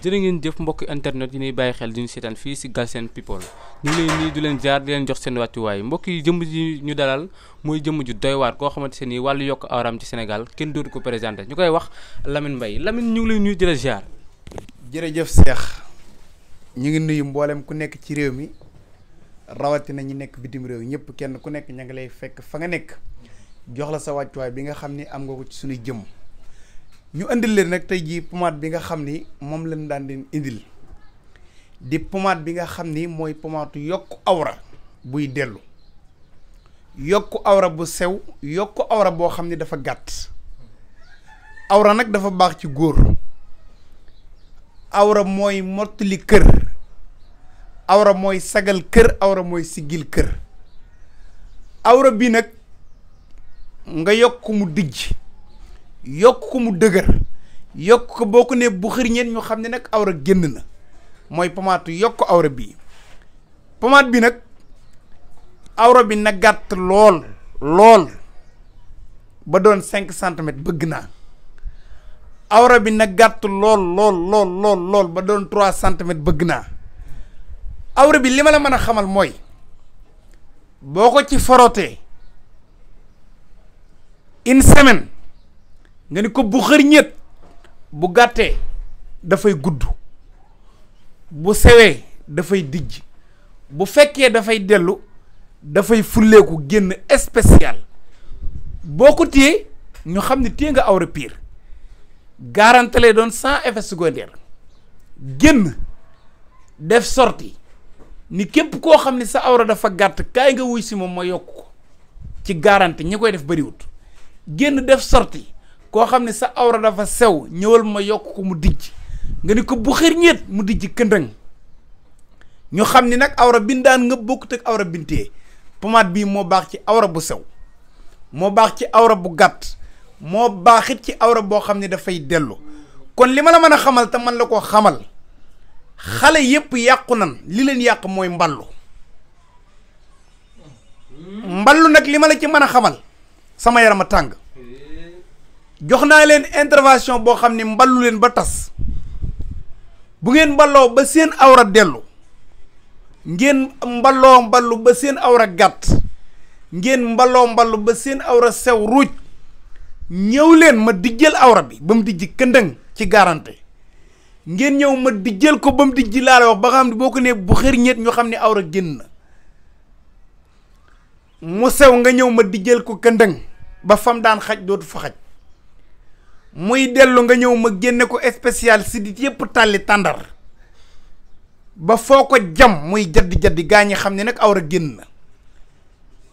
jërë ngeen jëf mbokk internet yi ñuy bàyyi xel di ñu seetaan fii si Galsen People ñu ngi leen ni di leen jaar di leen jox seen wàccuwaay mbokk yi jëmm ji ñu dalal mooy jëmm ju doy waar koo xamante seen yok wàllu yokk awraam ci Sénégal kenn dootu ko présenté ñu koy wax Lamine Mbaye Lamine ñu ngi lay nuyu di la jaar. jërëjëf Cheikh ñu ngi nuyu mboolem ku nekk ci réew mi na ñi nekk bitim réew ñëpp kenn ku nekk ña ngi lay fekk fa nga nekk jox la sa wàccuwaay bi nga xam ni am nga ko ci suñu jëmm ñu indil leen nag tey jii pommade bi nga xam ni moom lañ daan leen indil di pommade bi nga xam ni mooy pommade yokk awra buy dellu yokk awra bu sew yokk awra boo xam ni dafa gàtt awra nag dafa baax ci góor awra mooy mottali kër awra mooy sagal kër awra mooy siggil kër awra bi nag nga yokk mu dijj yokk ko mu dëgër yokk ko boo ko nee bu xërñeen ñu xam ne nag awra génn na mooy pommade yokk awra bi pommade bi nag awra bi na gàtt lool lool ba doon cinq centimètres bëgg naa awra bi na gàtt lool lool ba doon trois centimètres bëgg naa awra bi li ma la mën a xamal mooy boo ko ci forotee une semaine nga ni ko bu xërñët bu gàttee dafay gudd bu sewee dafay dijj bu fekkee dafay dellu dafay fulleeku génn spécial boo ko téye ñu xam ne téye nga awra piir garante lay doon sans effet secondaire génn def sorti ni képp koo xam ne sa awra dafa gàtt kaay nga wuy si moom ma yokk ci garante ñi koy def bariwut génn def sorti koo xam ne sa awra dafa sew ñëwal ma yokk ko mu dijj nga ni ko bu xërñeet mu dijj këndëng ñu xam ni nag awra bindaan nga bokkut awra bintee pommade bii moo baax ci awra bu sew moo baax ci awra bu gàtt moo baaxit ci awra boo xam ne dafay dellu kon li ma la mën a xamal te man la ko xamal xale yépp yàqu nan li leen yàq mooy mballu mballu nag li ma la ci mën a xamal sama yaram a tàng jox naa leen intervention boo xam ni mballu leen ba tas bu ngeen mballoo ba seen awra dellu ngeen mballoo mballu ba seen awra gàtt ngeen mbaloo mballu ba seen awra sew ruuj ñëw leen ma dijjal awra bi ba mu dijj këndëng ci garanté ngeen ñëw ma dijjal ko ba mu dijj laa la wax ba xam ne boo ko nee bu xër ñet ñu xam awra génn mu sew nga ñëw ma dijjal ko këndëng ba fam daan xaj dootu fa xaj muy dellu nga ñëw ma génne ko spécial sidit yëpp tàlli tàndar ba foo ko jam muy jaddi-jaddi gaa ñi xam ne nag awra génn la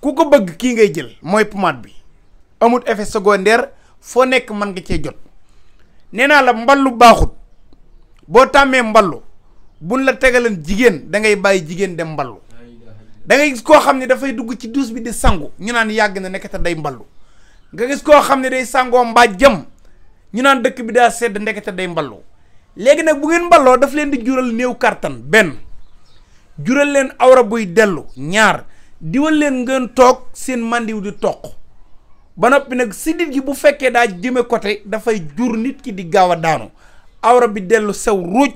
ku ko bëgg kii ngay jël mooy pommade bi amut effet secondaire foo nekk mën nga cee jot nee naa la mballu baaxut boo tàmmee mballu buñ la tegalan jigéen da ngay bàyyi jigéen dem mballu da gis koo xam ne dafay dugg ci duus bi di sangu ñu naan yàgg na nekk day mballu nga gis koo xam ne day sangoo mbaa jëm ñu naan dëkk bi daa sedd ndekete day mballoo léegi nag bu ngeen mballoo dafa leen di jural néew kartan benn jural leen awra buy dellu ñaar diwal leen ngeen toog seen màndiw di toq ba noppi nag sidit gi bu fekkee daa jëme côté dafay jur nit ki di gaaw a daanu awra bi dellu sew ruuj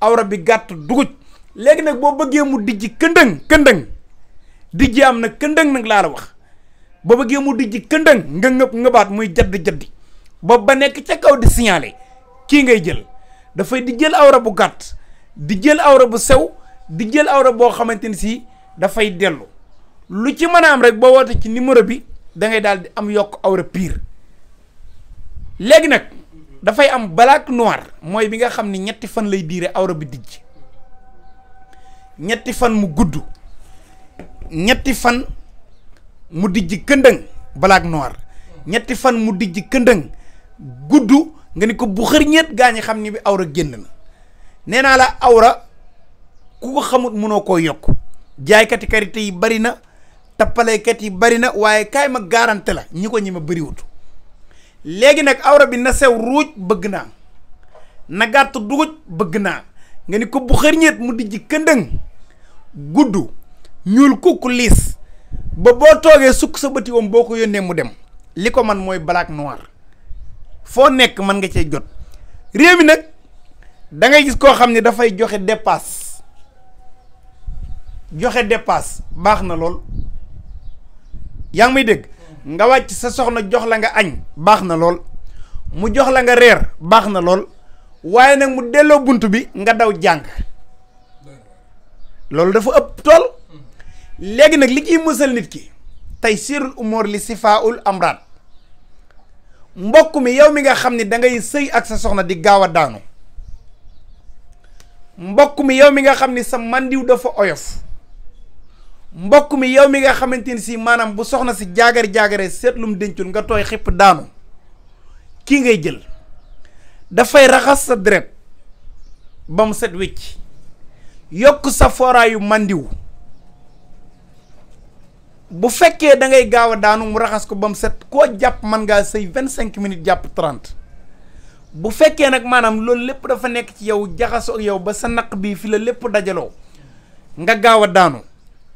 awra bi gàtt duguj léegi nag boo bëggee mu dijji këndëng këndëng dijji am na këndëng nag laa la wax boo bëggee mu dijji këndëng nga ngëb ngëbaat muy jadd jaddi boobu ba nekk ca kaw di signaler kii ngay jël dafay di jël awra bu gàtt di jël awra bu sew di jël awra boo xamante ni si dafay dellu lu ci mën a am rek boo woote ci numéro bi da ngay daal di am yokk awra piir léegi nag dafay am black noir mooy bi nga xam ni ñetti fan lay diire awra bi dijj ñetti fan mu gudd ñetti fan mu dijj këndëng black noir ñetti fan mu dijj këndëng gudd nga ni ko bu xër ñeet gaa ñi xam ni bi awra génn na nee naa la awra ku ko xamut mënoo koo yokk jaaykati karité yi bari na tappalekat yi bari na waaye kaay ma garante la ñi ko ñi ma bëriwut léegi nag awra bi na sew ruuj bëgg naa na gàtt duguj bëgg naa nga ni ko bu xërñeet mu dijji këndëng guddu ñuul kukk liis ba boo toogee sukk sa bëti woom boo ko yónnee mu dem li ko man mooy black noir foo nekk mën nga cee jot réew mi nag da ngay gis koo xam ne dafay joxe dépasse joxe dépasse baax na lool yaa ngi may dégg nga wàcc sa soxna jox la nga añ baax na lool mu jox la nga reer baax na lool waaye nag mu delloo bunt bi nga daw jàng loolu dafa ëpp tool léegi nag li ciy mësal nit ki tey sirul umoor li sifaaul amraat mbokk mi yow mi nga xam ni dangay sëy ak sa soxna di gaaw a daanu mbokk mi yow mi nga xam ni sa mandiw dafa oyof mbokk mi yow mi nga xamante ni si maanaam bu soxna si jaagar jaagare seetlum dencul nga tooy xipp daanu kii ngay jël dafay raxas sa deret ba mu set wicc yokk sa fooraayu mandiw bu fekke da ngay gaaw daanu mu raxas ko bam set ko japp man nga sey 25 minutes japp 30 bu fekke nak manam lol lepp dafa nek ci yow ak yow ba sa nak bi fi la lepp dajalo nga gaaw daanu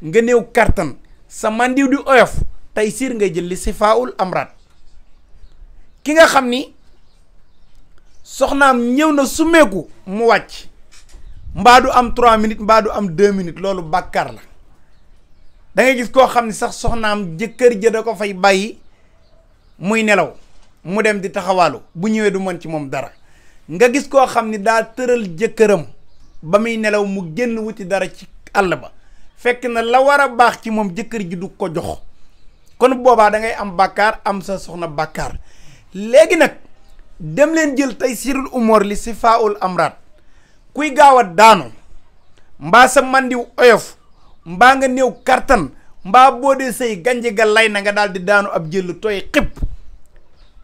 nga new kartan sa mandiw di oyof tay sir ngay jël li si faawul ki nga xamni soxnam ñew na sumeku mu wacc mbaa du am 3 minutes mba du am 2 minutes lolou bakkar la da ngay gis koo xam ne sax soxnaam jëkkër ja da ko fay bàyyi muy nelaw mu dem di taxawaalu bu ñëwee du man ci moom dara nga gis koo xam ni daa tëral jëkkëram ba muy nelaw mu génn wuti dara ci àll ba fekk na la war a baax ci moom jëkkër ji du ko jox kon boobaa da ngay am bàkkaar am sa soxna bàkkaar léegi nag dem leen jël tey sirul umor li si faaul amraat kuy gaaw a daanu mbaa sa mandiw oyof mbaa nga néew kartan mbaa boo dee say gànje ga lay na nga daal di daanu ab jël tooy xib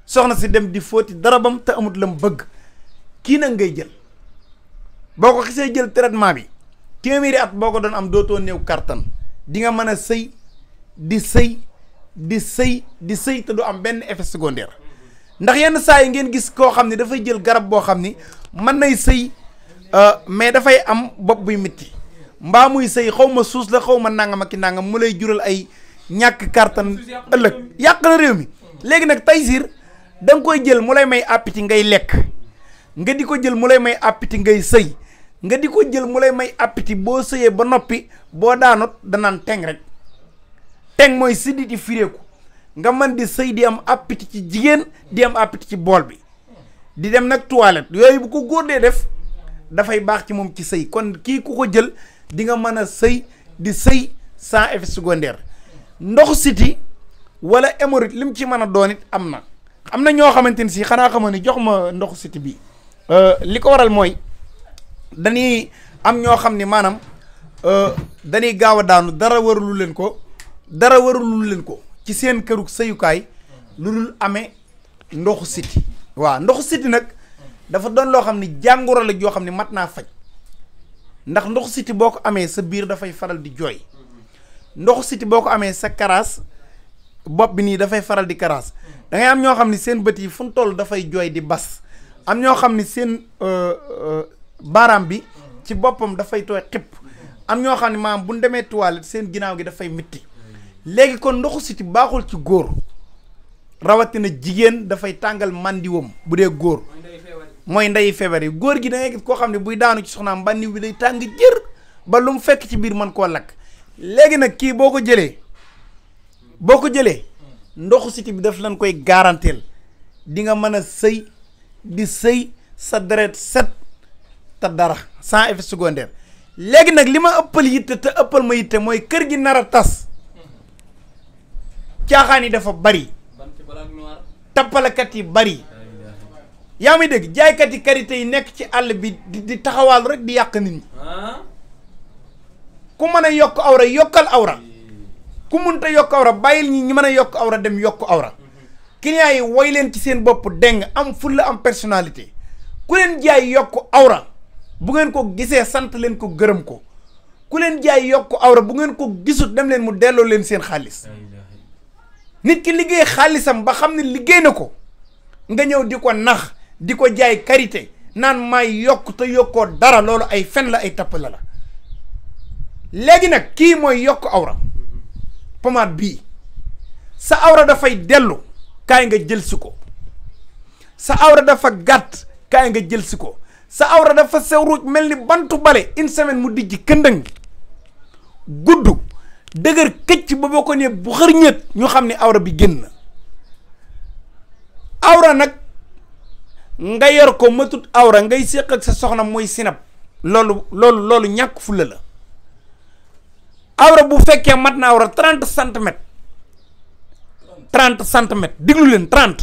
soxna si dem di fóoti darabam te amut la mu bëgg kii nag ngay jël boo ko xisee jël traitement bi téeméeri at boo ko doon am dootoo néew kartan di nga mën a sëy di sëy di sëy di sëy te du am benn effet secondaire ndax yenn saa yi ngeen gis koo xam ne dafay jël garab boo xam ni mën nay sëy euh, mais dafay am bopp buy metti mbaa muy sëy xaw ma suus la xaw ma nangam ki nangam mu lay jural ay ñàkk kartan ëllëg yàq na réew mi léegi nag Taysir da nga koy jël mu lay may appétit ngay lekk nga di ko jël mu lay may appétit ngay sëy nga di ko jël mu lay may appétit boo sëyee ba noppi boo daanut danaan teng rek teng mooy siddi di fireeku nga mën di sëy di am appétit ci jigéen di am appétit ci bool bi di dem nag toilette yooyu bu ko góor dee def dafay baax ci moom ci sëy kon kii ku ko jël di nga mën a sëy di sëy sans effet secondaire ndox siti wala hémorroïde li mu ci mën a doon it am na am na ñoo xamante ni si xanaa xamoon ni jox ma ndoxu siti bi euh, li ko waral mooy dañuy am ñoo xam ni maanaam euh, dañuy gaaw a daanu dara warulu leen ko dara warulu leen ko ci seen këru sëyukaay lu dul amee ndoxu siti waaw ndoxu siti nag dafa doon loo xam ni jàngoro la joo xam ni mat naa faj ndax ndoxu siti boo ko amee sa biir dafay faral di jooy ndoxu siti boo ko amee sa karaas bopp bi nii dafay faral di karaas da am ñoo xam ni seen bët yi fu mu toll dafay jooy di bas am ñoo xam ni seen euh, euh, baaraam bi ci boppam dafay tooy xipp am ñoo xam ne maam bu ñu demee toilette seen ginnaaw gi dafay mitti léegi kon ndoxu siti baaxul ci góor rawatina jigéen dafay tàngal màndiwam bu dee góor mooy ndeyi feebar yi góor gi da gis koo xam ne buy daanu ci soxnaam banniw bi day tàng jër ba lu mu fekk ci biir man koo lakk léegi nag kii boo ko jëlee boo ko jëlee ndoxu siti bi daf lañ koy garanteel di nga mën a sëy di sëy sa deret set dara sant effet secondaire léegi nag li ma ëppal yitte te ëppal ma yitte mooy kër gi nar a tas caaxaan yi dafa bari tappalakat yi bari yaa may dégg jaaykat yi karité yi nekk ci àll bi di taxawaalu rek di yàq nit ñi ah. ku mën a yokk awra yokkal awra ku mënta yokk awra bàyyil ñi ñi mën a yokk awra dem yokk awra mhm. clients yi woy leen ci seen bopp deng am fulla am personnalité ku leen jaay yokk awra bu ngeen ko gisee sant leen ko gërëm ko ku leen jaay yokk awra bu ngeen ko gisut dem leen mu delloo leen seen xaalis nit ki liggéey xaalisam ba xam ne liggéey na ko nga ñëw di ko nax di ko jaay karité naan maay yokk te yokkoo dara loolu ay fen la ay tappale la léegi nag kii mooy yokk awra pommade bi sa awra dafay dellu kaay nga jël si ko sa awra dafa gàtt kaay nga jël si ko sa awra dafa sew ruuj mel ni bantu bale une semaine mu dijji këndëng gudd dëgër këcc ba boo ko nee bu xërñët ñu xam ne awra bi génn awra nag nga yor ko matut awra ngay sekk ak sa soxna moy sinab lolou lolou lolou ñak fulla la awra bu fekke mat na awra 30 cm 30 cm diglu 30 di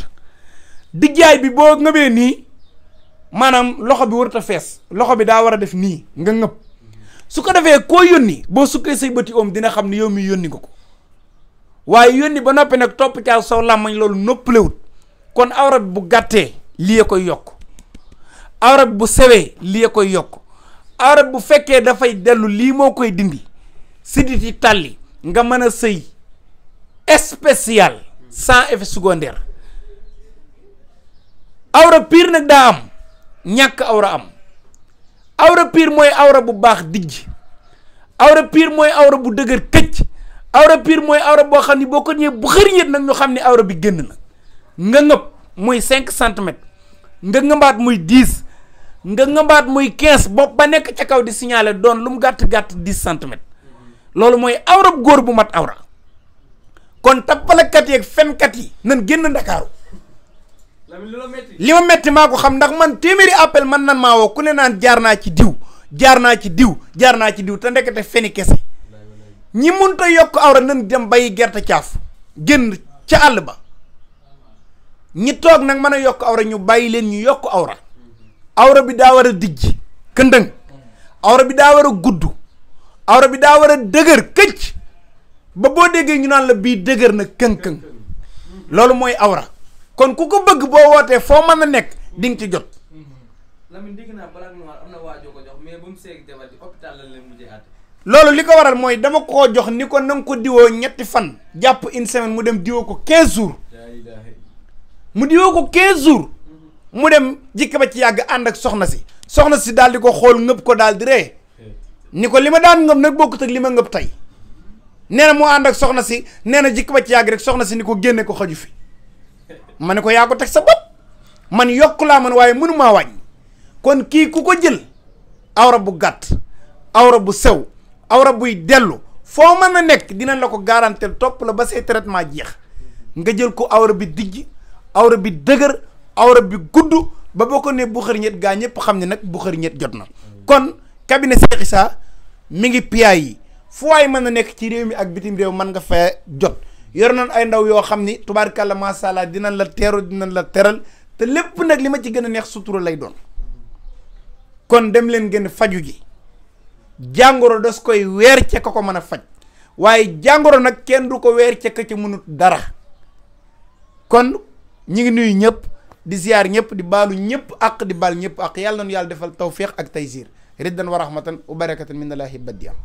diggaay bi bo ngebe ni manam loxo bi warut fess loxo bi da wara def ni nga ngep su ko ko yoni bo su sukkee sey beuti om dina xamni yow mi yoni ngako waye yoni yónni ba noppi nag topp caa sow làmmañ loolu noppalewut kon awra bi bu gatte lii koy yokk arab bu sewee lii koy yokk arab bu fekkee dafay dellu lii moo koy dindi sidit yi tàlli nga mën a sëy spécial sans effet secondaire awra pire nag daa am ñàkk awra am awra pire mooy awra bu baax dijj awra pire mooy awra bu dëgër këcc awra pire mooy awra boo xam ni boo ko ñëwee bu xëriñet nag ñu xam ne awra bi génn na nga ngëpp muy 5 cm ndëgg mbaat muy 10 ndëgg mbaat muy 15 bop ba nek ci kaw di signaler don lum gatt gatt 10 cm lolou moy awra gor bu mat awra kon kat yi ak kat yi nan genn dakar lima metti mako xam ndax man téeméeri appel man nan ma wo ku ne nan jaar ci diw jaar ci diw jaar ci diw ta ndekete feni kese ñi munta yok awra nan dem bayi gerte tiaf genn ci àll ba ñi toog nag mën a yokk awra ñu bàyyi leen ñu yokk awra awra bi daa war a dijj këndëng awra bi daa war a gudd awra bi daa war a dëgër këcc ba boo déggee ñu naan la bii dëgër na këng-këng loolu mooy awra kon ku ko bëgg boo wootee foo mën a nekk di nga ci jot loolu li ko waral mooy dama ko jox ni ko na ko diwoo ñetti fan jàpp une mu dem diwoo ko 15 jours mu diwoo ko 15 jours mu dem jikka ba ci yàgg ànd ak soxna si soxna si daal di ko xool ngëb ko daal di ree ni ko li ma daan ngëb na bokk ak li ma ngëb tey nee na moo ànd ak soxna si nee na jikka ba ci yàgg rek soxna si ni ko génne ko xaju fi ma ne ko yaa ko teg sa bopp man yokk laa man waaye mënumaa wàññi kon kii ku ko jël awra bu gàtt awra bu sew awra buy dellu foo mën na nekk dinañ la ko garantel topp la ba say traitement jeex nga jël ko awra bi dijj awra bi dëgër awra bi gudd ba boo ko nee bu xër gaa ñëpp xam ne nag bu xër ñett jot na kon cabinet Cheikh Issa mi ngi piyaay yi fu waay mën na nekk ci réew mi ak bitim réew man nga fa jot yor nañ ay ndaw yoo xam ni tubaarkàlla macha allah dinañ la teeru dinañ la teral te lépp nag li ma ci gën a neex sutura lay doon kon dem leen gën faju ji jàngoro das koy weer ca ka ko mën a faj waaye jàngoro nag kenn du ko weer cekk ka ca mënut dara kon ñi ngi nuyu ñëpp di ziar ñëpp di baalu ñëpp ak di baal ñëpp ak yàlla nañu yàlla defal tawfiq ak taysir riddan wa rahmatan wa barakatan min allahi badiyam